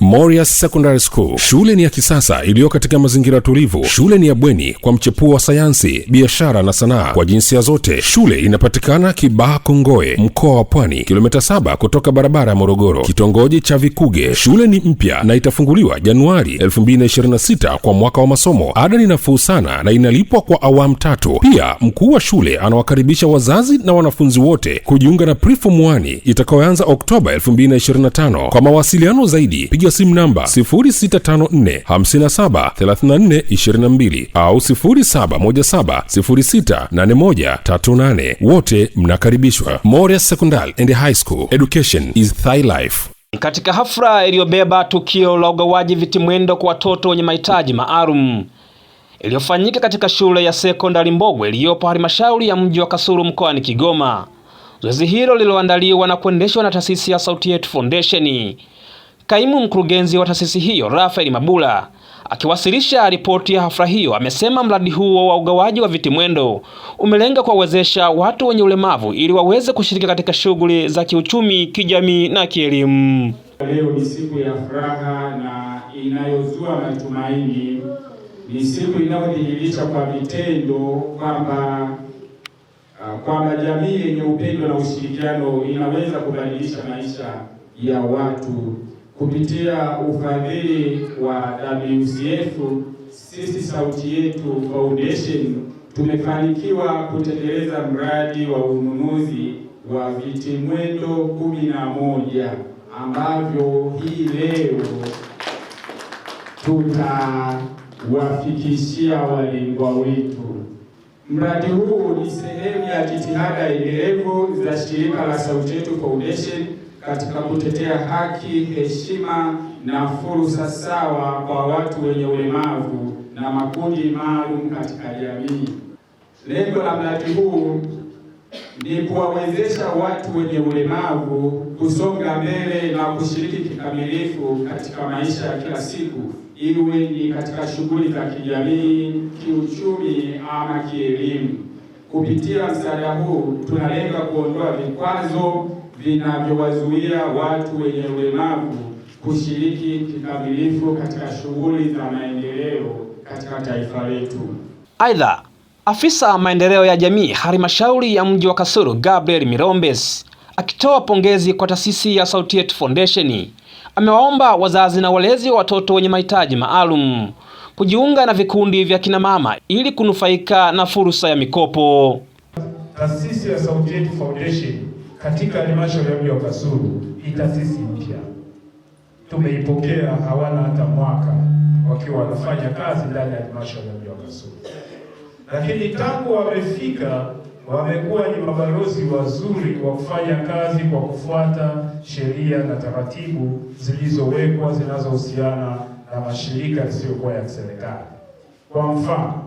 Moria Secondary School. Shule ni ya kisasa iliyo katika mazingira tulivu. Shule ni ya bweni kwa mchepuo wa sayansi, biashara na sanaa kwa jinsia zote. Shule inapatikana Kibaha Kongoe, mkoa wa Pwani, kilomita saba kutoka barabara ya Morogoro, kitongoji cha Vikuge. Shule ni mpya na itafunguliwa Januari 2026 kwa mwaka wa masomo. Ada ni nafuu sana na inalipwa kwa awamu tatu. Pia mkuu wa shule anawakaribisha wazazi na wanafunzi wote kujiunga na pre itakayoanza Oktoba 2025. Kwa mawasiliano zaidi piga kupiga simu namba 0654573422 au 0717068138. wote mnakaribishwa moria secondary and high school education is thy life katika hafla iliyobeba tukio la ugawaji viti mwendo kwa watoto wenye mahitaji maalum iliyofanyika katika shule ya sekondari Mbogwe iliyopo halmashauri ya mji wa Kasulu mkoani Kigoma. Zoezi hilo lililoandaliwa na kuendeshwa na taasisi ya Sauti Yetu Foundation Kaimu mkurugenzi wa taasisi hiyo Rafael Mabula akiwasilisha ripoti ya hafla hiyo amesema mradi huo wa ugawaji wa viti mwendo umelenga kuwawezesha watu wenye ulemavu ili waweze kushiriki katika shughuli za kiuchumi, kijamii na kielimu. Leo ni siku ya furaha na inayozua matumaini, ni siku inayodhihirisha kwa vitendo kwamba uh, kwamba jamii yenye upendo na ushirikiano inaweza kubadilisha maisha ya watu kupitia ufadhili wa WCF sisi Sauti Yetu Foundation tumefanikiwa kutekeleza mradi wa ununuzi wa viti mwendo kumi na moja ambavyo hii leo tutawafikishia walengwa wetu. Mradi huu ni sehemu ya jitihada endelevu za shirika la Sauti Yetu Foundation katika kutetea haki, heshima na fursa sawa kwa watu wenye ulemavu na makundi maalum katika jamii. Lengo la mradi huu ni kuwawezesha watu wenye ulemavu kusonga mbele na kushiriki kikamilifu katika maisha ya kila siku, iwe ni katika shughuli za kijamii, kiuchumi ama kielimu. Kupitia msaada huu tunalenga kuondoa vikwazo vinavyowazuia watu wenye ulemavu kushiriki kikamilifu katika shughuli za maendeleo katika taifa letu. Aidha, afisa maendeleo ya jamii halmashauri ya mji wa Kasulu Gabriel mirombes akitoa pongezi kwa taasisi ya Sauti Yetu Foundation amewaomba wazazi na walezi wa watoto wenye mahitaji maalum kujiunga na vikundi vya kinamama ili kunufaika na fursa ya mikopo. Taasisi ya Sauti Yetu Foundation katika halmashauri ya mji wa Kasulu ni taasisi mpya, tumeipokea hawana hata mwaka wakiwa wanafanya kazi ndani ya halmashauri ya mji wa Kasulu, lakini tangu wamefika wamekuwa ni mabalozi wazuri wa kufanya kazi kwa kufuata sheria na taratibu zilizowekwa zinazohusiana na mashirika yasiyokuwa ya serikali. Kwa mfano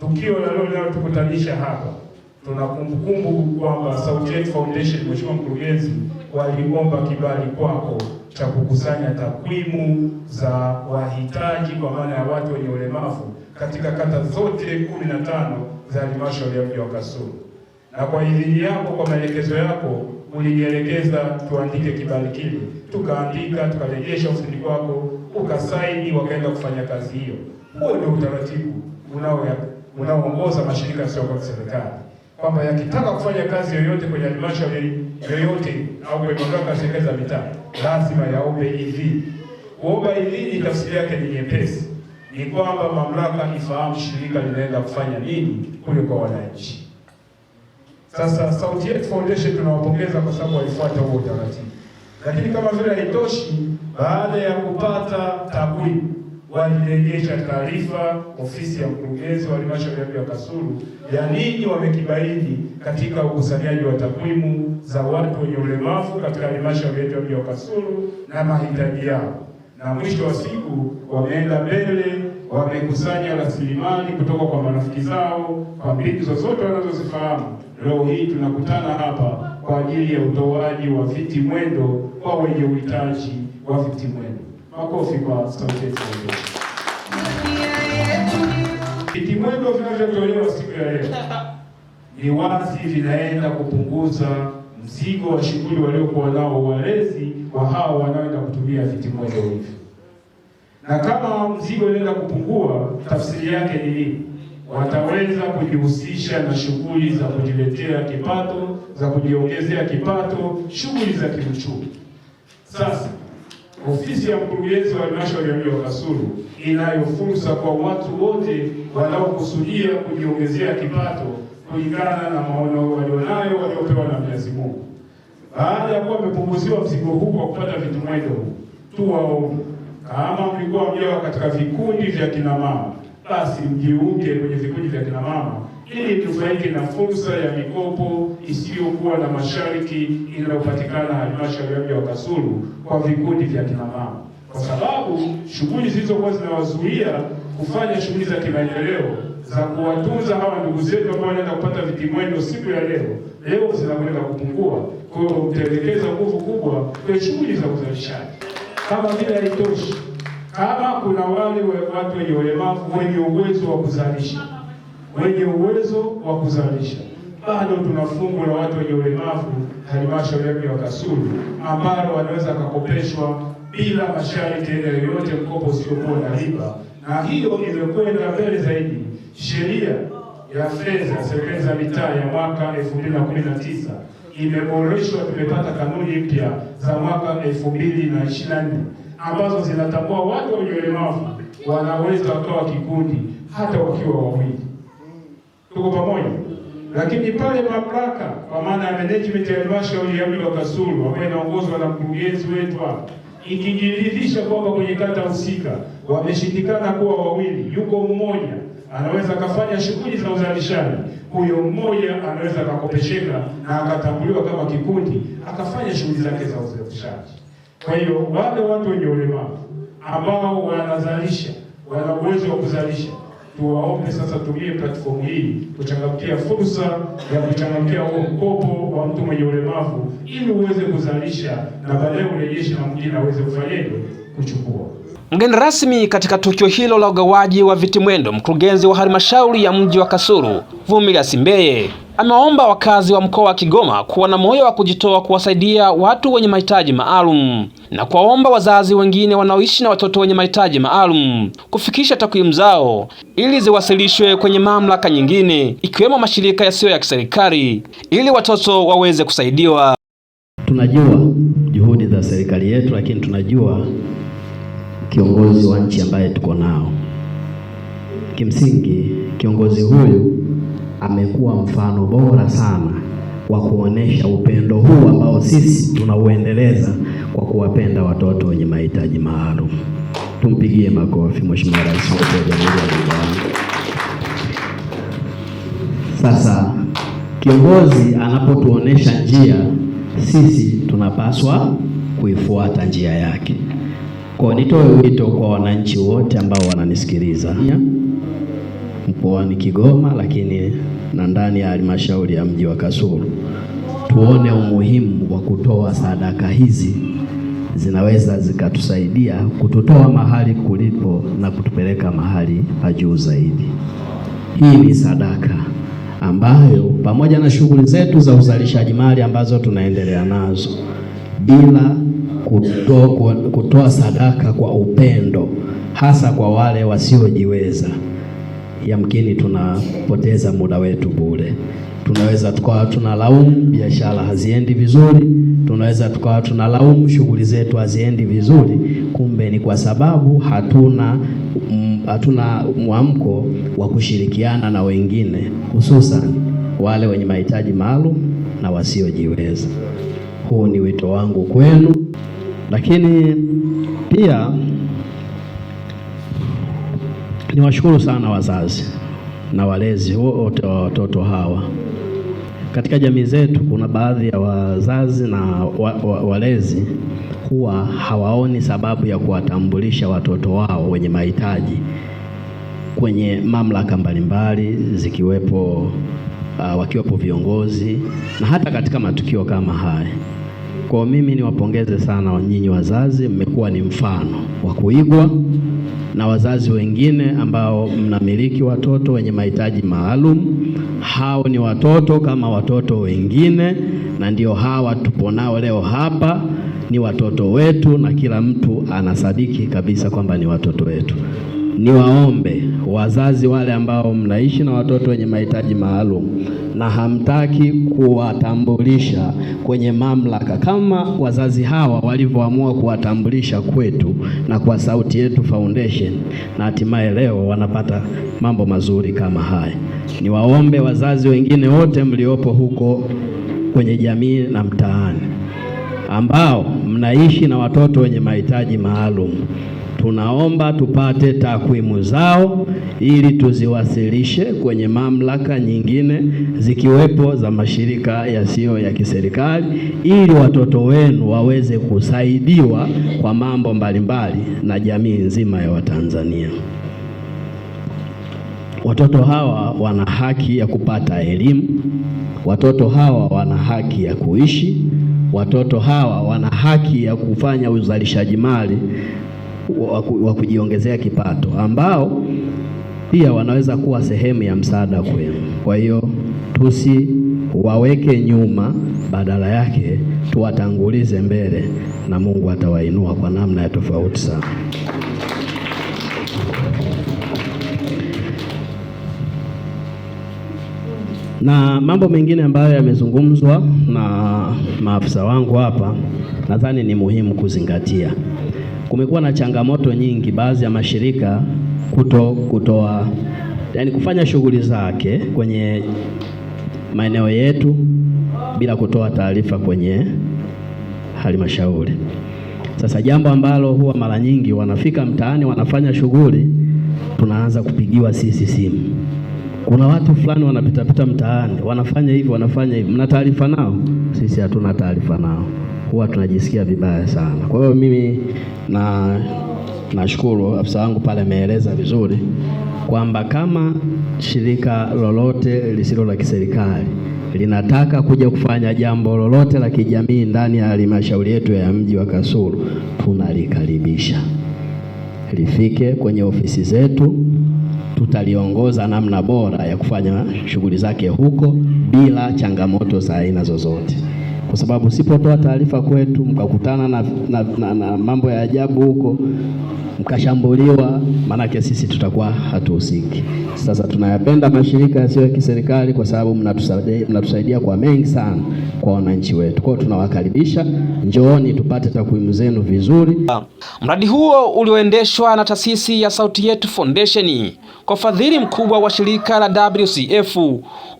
tukio la leo linalotukutanisha hapa tuna kumbukumbu kwamba Sauti Yetu Foundation, Mheshimiwa Mkurugenzi, waliomba kibali kwako cha kukusanya takwimu za wahitaji kwa maana ya watu wenye ulemavu katika kata zote kumi na tano za halmashauri ya mji wa Kasulu, na kwa idhini yako, kwa maelekezo yako ulinielekeza tuandike kibali kile, tukaandika, tukarejesha ofisini kwako, ukasaini, wakaenda kufanya kazi hiyo. Huo ndio utaratibu unaoongoza mashirika yasiyo ya serikali kwamba yakitaka kufanya kazi yoyote kwenye halmashauri yoyote au kwenye mamlaka ya serikali za mitaa lazima yaombe idhini. E Kuomba idhini e tafsiri yake ni nyepesi, ni kwamba mamlaka ifahamu shirika linaenda kufanya nini kule kwa wananchi. Sasa Sauti Yetu Foundation tunawapongeza kwa sababu walifuata huo utaratibu, lakini kama vile haitoshi, baada ya kupata takwimu walirejesha taarifa ofisi ya mkurugenzi wa halmashauri ya Kasulu ya nini wamekibaini katika ukusanyaji wa takwimu za watu wenye ulemavu katika halmashauri yetu ya Kasulu na mahitaji yao, na mwisho wa siku wameenda mbele wamekusanya rasilimali kutoka kwa marafiki zao, kwa miliki zozote wanazozifahamu. Leo hii tunakutana hapa kwa ajili ya utoaji wa viti mwendo kwa wenye uhitaji wa viti mwendo. Makofi kwa sauti yetu. vinavyotolewa siku ya leo ni wazi vinaenda kupunguza mzigo wa shughuli waliokuwa nao walezi wa hao wanaoenda kutumia viti mwendo hivi, na kama mzigo unaenda kupungua, tafsiri yake ni nini? Wataweza kujihusisha na shughuli za kujiletea kipato, za kujiongezea kipato, shughuli za kiuchumi. Sasa Ofisi ya mkurugenzi wa halmashauri ya mji wa Kasulu inayo fursa kwa watu wote wanaokusudia kujiongezea kipato kulingana na maono walionayo waliopewa na Mwenyezi Mungu. Baada ya kuwa wamepunguziwa mzigo huu wa kupata vitumaido, tuwaombe kama mlikuwa mjawa katika vikundi vya kinamama, basi mjiunge kwenye ili tufaike na fursa ya mikopo isiyokuwa na masharti inayopatikana halmashauri ya Kasulu kwa vikundi vya kina mama, kwa sababu shughuli zilizokuwa zinawazuia kufanya shughuli za kimaendeleo za kuwatunza hawa ndugu zetu ambao wanaenda kupata vitimwendo siku ya leo, leo zinakwenda kupungua. Kwa hiyo kutelekeza nguvu kubwa kwa shughuli za uzalishaji. Kama vile haitoshi, kama kuna wale watu wenye ulemavu wenye uwezo wa kuzalisha wenye uwezo wa kuzalisha. Bado tuna fungu la watu wenye ulemavu halmashauri ya Kasulu ambao wanaweza kukopeshwa bila masharti yoyote, mkopo usiokuwa na riba, na hiyo imekwenda mbele zaidi. Sheria ya fedha serikali za mitaa ya mwaka 2019 imeboreshwa, tumepata kanuni mpya za mwaka 2024 ambazo zinatambua watu wenye ulemavu wanaweza kuwa kikundi hata wakiwa wawili tuko pamoja. Lakini pale mamlaka kwa maana ya management ya halmashauri ya mji wa Kasulu ambayo inaongozwa na mkurugenzi wetu hapa, ikijiridhisha kwamba kwenye kata husika wameshindikana kuwa wawili, yuko mmoja anaweza akafanya shughuli za uzalishaji, huyo mmoja anaweza akakopesheka na akatambuliwa kama kikundi akafanya shughuli zake za uzalishaji. Kwa hiyo wale watu wenye ulemavu ambao wanazalisha, wana uwezo wa kuzalisha tuwaombe sasa tumie platform hii kuchangamkia fursa ya kuchangamkia huo mkopo wa mtu mwenye ulemavu ili uweze kuzalisha na baadaye urejeshe na mwingine aweze kufanyaje kuchukua. Mgeni rasmi katika tukio hilo la ugawaji wa vitimwendo, mkurugenzi wa halmashauri ya mji wa Kasulu Vumilia Simbeye Amewaomba wakazi wa mkoa wa Kigoma kuwa na moyo wa kujitoa kuwasaidia watu wenye mahitaji maalum na kuwaomba wazazi wengine wanaoishi na watoto wenye mahitaji maalum kufikisha takwimu zao ili ziwasilishwe kwenye mamlaka nyingine ikiwemo mashirika yasiyo ya kiserikali ili watoto waweze kusaidiwa. Tunajua juhudi za serikali yetu, lakini tunajua kiongozi wa nchi ambaye tuko nao. Kimsingi kiongozi huyu amekuwa mfano bora sana wa kuonesha upendo huu ambao sisi tunauendeleza kwa kuwapenda watoto wenye mahitaji maalum. Tumpigie makofi Mheshimiwa Rais wa Jamhuri ya Muungano. Sasa kiongozi anapotuonesha njia, sisi tunapaswa kuifuata njia yake. Kwa nitoe wito kwa wananchi wote ambao wananisikiliza mkoani Kigoma, lakini na ndani ya halmashauri ya mji wa Kasulu. Tuone umuhimu wa kutoa sadaka hizi, zinaweza zikatusaidia kututoa mahali kulipo na kutupeleka mahali pa juu zaidi. Hii ni sadaka ambayo pamoja na shughuli zetu za uzalishaji mali ambazo tunaendelea nazo, bila kutoa, kutoa sadaka kwa upendo, hasa kwa wale wasiojiweza yamkini tunapoteza muda wetu bure. Tunaweza tukawa tunalaumu biashara haziendi vizuri, tunaweza tukawa tunalaumu shughuli zetu haziendi vizuri, kumbe ni kwa sababu hatuna m, mm, hatuna mwamko wa kushirikiana na wengine, hususan wale wenye mahitaji maalum na wasiojiweza. Huu ni wito wangu kwenu, lakini pia Niwashukuru sana wazazi na walezi wote wa watoto hawa. Katika jamii zetu kuna baadhi ya wazazi na wa, wa, walezi huwa hawaoni sababu ya kuwatambulisha watoto wao wenye mahitaji kwenye mamlaka mbalimbali zikiwepo uh, wakiwepo viongozi na hata katika matukio kama haya. Kwa mimi niwapongeze sana nyinyi wazazi, mmekuwa ni mfano wa kuigwa na wazazi wengine ambao mnamiliki watoto wenye mahitaji maalum. Hao ni watoto kama watoto wengine, na ndio hawa tupo nao leo hapa, ni watoto wetu, na kila mtu anasadiki kabisa kwamba ni watoto wetu niwaombe wazazi wale ambao mnaishi na watoto wenye mahitaji maalum na hamtaki kuwatambulisha kwenye mamlaka kama wazazi hawa walivyoamua kuwatambulisha kwetu na kwa Sauti Yetu Foundation, na hatimaye leo wanapata mambo mazuri kama haya. Niwaombe wazazi wengine wote mliopo huko kwenye jamii na mtaani ambao mnaishi na watoto wenye mahitaji maalum tunaomba tupate takwimu zao ili tuziwasilishe kwenye mamlaka nyingine zikiwepo za mashirika yasiyo ya kiserikali ili watoto wenu waweze kusaidiwa kwa mambo mbalimbali na jamii nzima ya Watanzania. Watoto hawa wana haki ya kupata elimu. Watoto hawa wana haki ya kuishi. Watoto hawa wana haki ya kufanya uzalishaji mali wa kujiongezea kipato ambao pia wanaweza kuwa sehemu ya msaada kwenu. Kwa hiyo tusiwaweke nyuma, badala yake tuwatangulize mbele, na Mungu atawainua kwa namna ya tofauti sana. Na mambo mengine ambayo yamezungumzwa na maafisa wangu hapa, nadhani ni muhimu kuzingatia kumekuwa na changamoto nyingi, baadhi ya mashirika kuto kutoa yani kufanya shughuli zake kwenye maeneo yetu bila kutoa taarifa kwenye halmashauri. Sasa jambo ambalo huwa mara nyingi wanafika mtaani wanafanya shughuli, tunaanza kupigiwa sisi simu, kuna watu fulani wanapitapita mtaani wanafanya hivi wanafanya hivi, mna taarifa nao? Sisi hatuna taarifa nao huwa tunajisikia vibaya sana. Kwa hiyo mimi na nashukuru afisa wangu pale ameeleza vizuri kwamba kama shirika lolote lisilo la kiserikali linataka kuja kufanya jambo lolote la kijamii ndani ya halmashauri yetu ya mji wa Kasulu, tunalikaribisha lifike kwenye ofisi zetu, tutaliongoza namna bora ya kufanya shughuli zake huko bila changamoto za aina zozote kwa sababu usipotoa taarifa kwetu mkakutana na, na, na, na mambo ya ajabu huko mkashambuliwa, maanake sisi tutakuwa hatuhusiki. Sasa tunayapenda mashirika yasiyo ya kiserikali kwa sababu mnatusaidia, mnatusaidia kwa mengi sana kwa wananchi wetu. Kwao tunawakaribisha, njooni tupate takwimu zenu vizuri. Mradi huo ulioendeshwa na taasisi ya Sauti Yetu Foundation kwa fadhili mkubwa wa shirika la WCF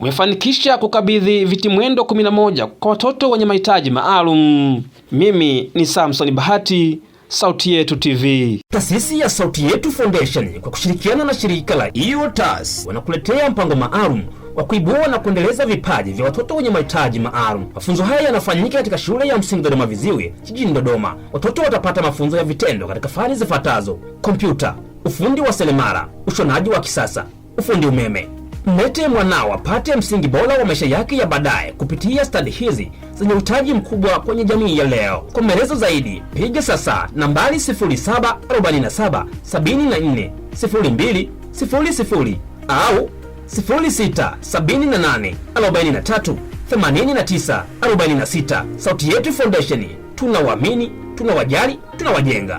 umefanikisha kukabidhi vitimwendo 11 kwa watoto wenye wenye mahitaji maalum. Mimi ni Samson Bahati, Sauti Yetu TV. Taasisi ya Sauti Yetu Foundation kwa kushirikiana na shirika la IOTAS e wanakuletea mpango maalum wa kuibua na kuendeleza vipaji vya watoto wenye mahitaji maalum. Mafunzo haya yanafanyika katika shule ya msingi Dodoma Viziwi jijini Dodoma. Watoto watapata mafunzo ya vitendo katika fani zifuatazo: kompyuta, ufundi wa selemara ushonaji wa kisasa, ufundi umeme. Mlete mwanao apate msingi bora wa maisha yake ya baadaye kupitia stadi hizi zenye utaji mkubwa kwenye jamii ya leo. Kwa maelezo zaidi, piga sasa nambari 0747 au 0678 43 Sauti Yetu Foundation, tunawaamini, tunawajali, tunawajenga.